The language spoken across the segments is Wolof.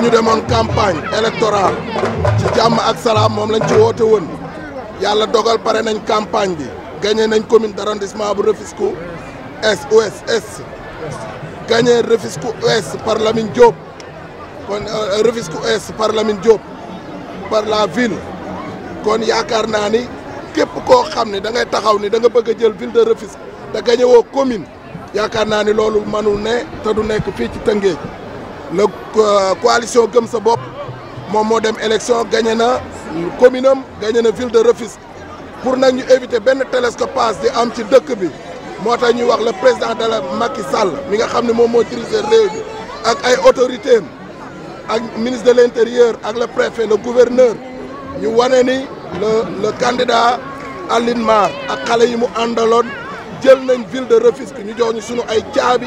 dañu démon campagne électorale ci jamm ak salam mom lañ ci woté won yalla dogal paré nañ campagne bi gagné nañ commune refisku, bu refisco gagné refisco os par Lamine Diop kon euh, refisku, os par Lamine Diop par la ville kon yakar na ni képp ko xamné da ngay taxaw ni da nga bëgg jël ville de refisco da gagné wo commune yaakaar na ni lolu manul né ta du nek fi ci tangé la euh, coalition gëm sa Bob, mon modem élection gagné na commune gagné na ville de refus pour nous ñu éviter benn télescopage di am ci dëkk bi Moi, tax ñuy wax le président de la Macky Sall mi nga xam ne moom moo autorités ministre de l'intérieur ak le préfet le gouverneur ñu wane ni le le candidat Aline Mar ak xale yi mu andalon jël nañ ville de Rufisque ñu jox ñu sunu ay caabi.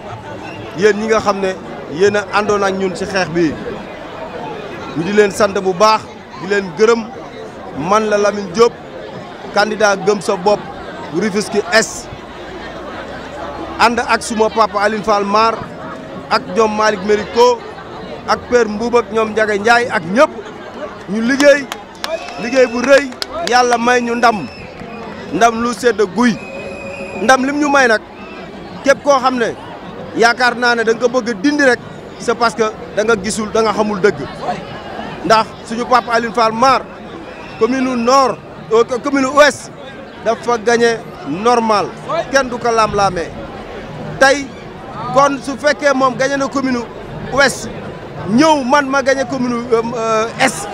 yéen ñi nga xam ne yéen a àndoon ak ñun ci xeex bi ñu di leen sant bu baax di leen gërëm man la Lamine Diop kandidaa gëm sa bopp rifis Rufisque Est ànd ak suma papa Aline Fall Mar ak ñoom Malick Mérico ak Père Mbuub ñoom Njaga Njaay ak ñëpp ñu liggéey liggéey bu rëy yàlla may ñu ndam ndam lu sedd a guy ndam lim ñu may nag képp koo xam ne ya na ne da nga bëgg dindi rek c'est parce que da nga gisul da nga xamul deug ndax suñu papa Aline Fall Mar commune nord euh, commune ouest fa gagné normal kian du ko laam-laamee tay kon su fekkee mom gagné na commune ouest ñew man ma gagné commune euh, est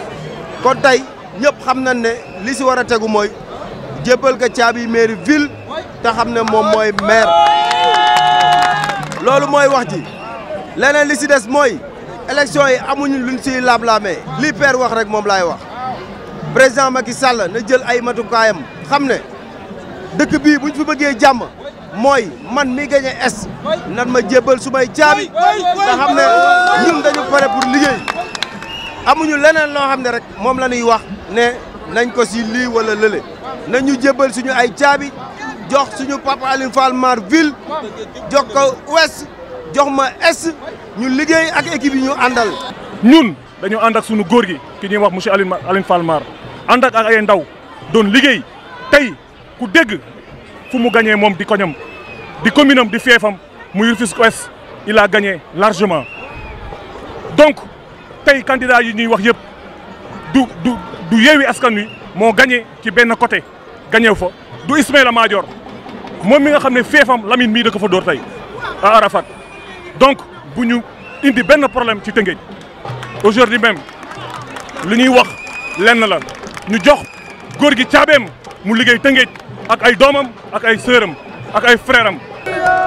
kon tay ñëpp xam nañ ne li ci wara a moy mooy ga ko caabi ville ta mom moy maire loolu mooy wax ji leneen li sides mooy élection yi amuñu luñ siy laam-laamee li père wax rek moom laay wax président Macky Sall na jël ay matukaayam xam ne dëkk bii buñ fi bëggee jàmm mooy man mi gagné es nan ma jébbal sumay caabi nga xam ne ñun dañu pare pour liggéey amuñu leneen loo xam ne rek moom la wax ne nañ ko si lii wala lële nañu jébbal suñu ay caabi jox suñu papa Alioune Fall ville jox ko ouest jox ma est ñu liggéey ak équipe ñu andal ñun dañu and ak suñu goor gi ki ñuy wax monsieur Alioune Alioune Fall Mar and ak ay ndaw doon liggéey tay ku dégg fu mu gañee moom di koñam di communam di feefam muy Rufisque Ouest il a gagné largement donc tay candidat yi ñuy wax yépp du du du yeewi askan wi mo gagné ci ben côté gagné fa du Ismaïla Madior moi, mi nga xam ne feefam Lamine Mi da ko fa à Arafat donc bu ñu indi un problème ci Tëngéej aujourd'hui même nous avons dit que nous ñu jox góor nous caabeem mu liggéey Tëngéej ak ay doomam ak ay frères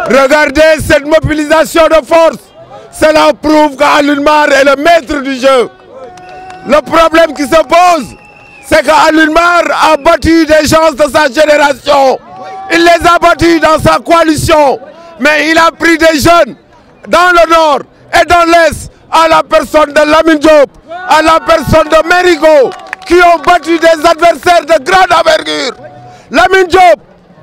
Regardez cette mobilisation de force cela prouve qu'Alunmar est le maître du jeu le problème qui se pose c'est qu'Alunmar a battu des gens de sa génération il les a battus dans sa coalition. Mais il a pris des jeunes dans le nord et dans l'est à la personne de Lamine Diop, à la personne de Merigo, qui ont battu des adversaires de grande envergure. Lamine Diop,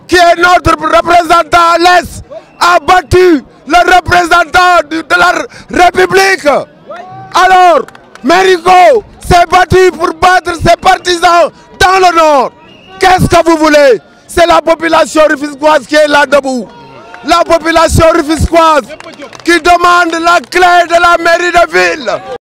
qui est notre représentant à l'est, a battu le représentant de la République. Alors, Merigo s'est battu pour battre ses partisans dans le nord. Qu'est-ce que vous voulez c'est la population rufisquoise qui est là debout. La population rufisquoise qui demande la clé de la mairie de ville.